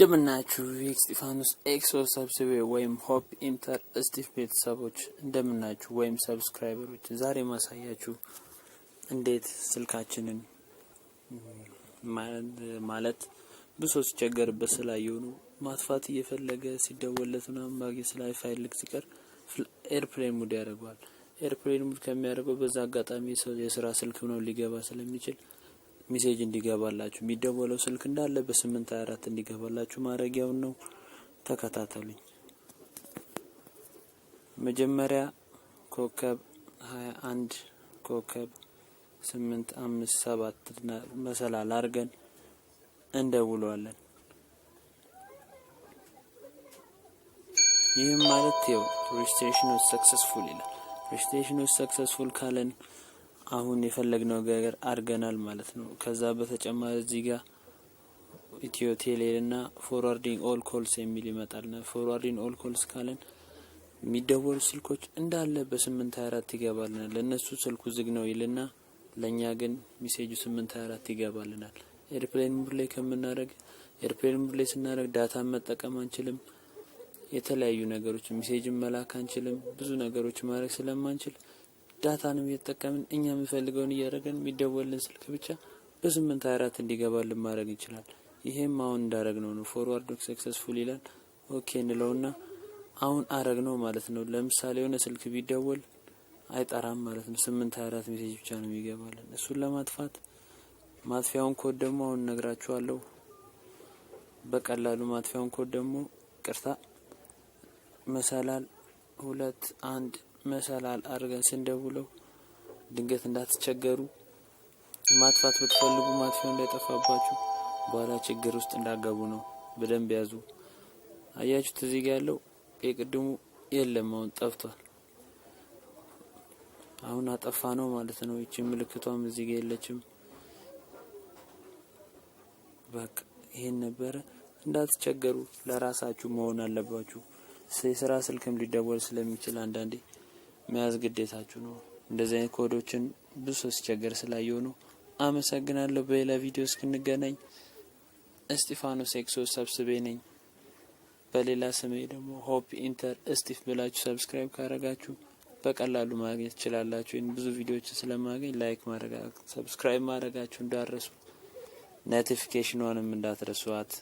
እንደምናችሁ የስጢፋኖስ ኤክሶ ሰብስቤ ወይም ሆፕ ኢንተር ስቲፍ ቤተሰቦች እንደምናችሁ ወይም ሰብስክራይበሮች፣ ዛሬ ማሳያችሁ እንዴት ስልካችንን ማለት ብሶ ሲቸገርበት ስላየው ነው ማጥፋት እየፈለገ ሲደወለት ምናምን ማግኘት ስላይፈልግ ሲቀር ኤርፕሌን ሙድ ያደርገዋል። ኤርፕሌን ሙድ ከሚያደርገው በዛ አጋጣሚ የስራ ስልክ ነው ሊገባ ስለሚችል ሚሴጅ እንዲገባላችሁ የሚደወለው ስልክ እንዳለ በስምንት ሃያ አራት እንዲገባላችሁ ማድረጊያውን ነው። ተከታተሉኝ። መጀመሪያ ኮከብ ሀያ አንድ ኮከብ ስምንት አምስት ሰባት መሰላል አድርገን እንደውለዋለን። ይህም ማለት ው ሬጅስትሬሽን ሰክሰስፉል ይላል። ሬጅስትሬሽን ሰክሰስፉል ካለን አሁን የፈለግነው ነገር አድርገናል ማለት ነው። ከዛ በተጨማሪ እዚህ ጋር ኢትዮ ቴሌል እና ፎርዋርዲንግ ኦል ኮልስ የሚል ይመጣል። ና ፎርዋርዲንግ ኦል ኮልስ ካለን የሚደወሉ ስልኮች እንዳለ በስምንት ሀያ አራት ይገባልናል። ለእነሱ ስልኩ ዝግ ነው ይልና ለእኛ ግን ሚሴጁ ስምንት ሀያ አራት ይገባልናል። ኤርፕሌን ሙድ ላይ ከምናደረግ ኤርፕሌን ሙድ ላይ ስናደረግ ዳታ መጠቀም አንችልም። የተለያዩ ነገሮች ሚሴጅን መላክ አንችልም። ብዙ ነገሮች ማድረግ ስለማንችል ዳታንም እየተጠቀምን እኛ የምንፈልገውን እያደረገን የሚደወልን ስልክ ብቻ በስምንት ሃያ አራት እንዲገባልን ማድረግ ይችላል። ይሄም አሁን እንዳረግ ነው። ፎርዋርድ ሰክሰስፉል ይላል። ኦኬ እንለውና አሁን አረግ ነው ማለት ነው። ለምሳሌ የሆነ ስልክ ቢደወል አይጠራም ማለት ነው። ስምንት አራት ሜሴጅ ብቻ ነው የሚገባልን። እሱን ለማጥፋት ማጥፊያውን ኮድ ደግሞ አሁን ነግራችኋለሁ። በቀላሉ ማጥፊያውን ኮድ ደግሞ ቅርታ መሰላል ሁለት አንድ መሰላል አድርገን ስንደውለው ድንገት እንዳትቸገሩ፣ ማጥፋት ብትፈልጉ ማጥፊያው እንዳይጠፋባችሁ በኋላ ችግር ውስጥ እንዳገቡ ነው። በደንብ ያዙ። አያችሁት? እዚህ ጋ ያለው የቅድሙ የለም፣ አሁን ጠፍቷል። አሁን አጠፋ ነው ማለት ነው። ይቺ ምልክቷም እዚህ ጋ የለችም። በቃ ይሄን ነበረ። እንዳትቸገሩ፣ ለራሳችሁ መሆን አለባችሁ። የስራ ስልክም ሊደወል ስለሚችል አንዳንዴ መያዝ ግዴታችሁ ነው። እንደዚህ አይነት ኮዶችን ብዙ ሰው ሲቸገር ስላየው ነው። አመሰግናለሁ። በሌላ ቪዲዮ እስክንገናኝ፣ እስጢፋኖስ ኤክሶ ሰብስቤ ነኝ። በሌላ ስሜ ደግሞ ሆፕ ኢንተር እስጢፍ ብላችሁ ሰብስክራይብ ካረጋችሁ በቀላሉ ማግኘት ትችላላችሁ። ይህን ብዙ ቪዲዮዎችን ስለማገኝ ላይክ ማድረጋ ሰብስክራይብ ማድረጋችሁ እንዳረሱ ኖቲፊኬሽኗንም እንዳትረሷት።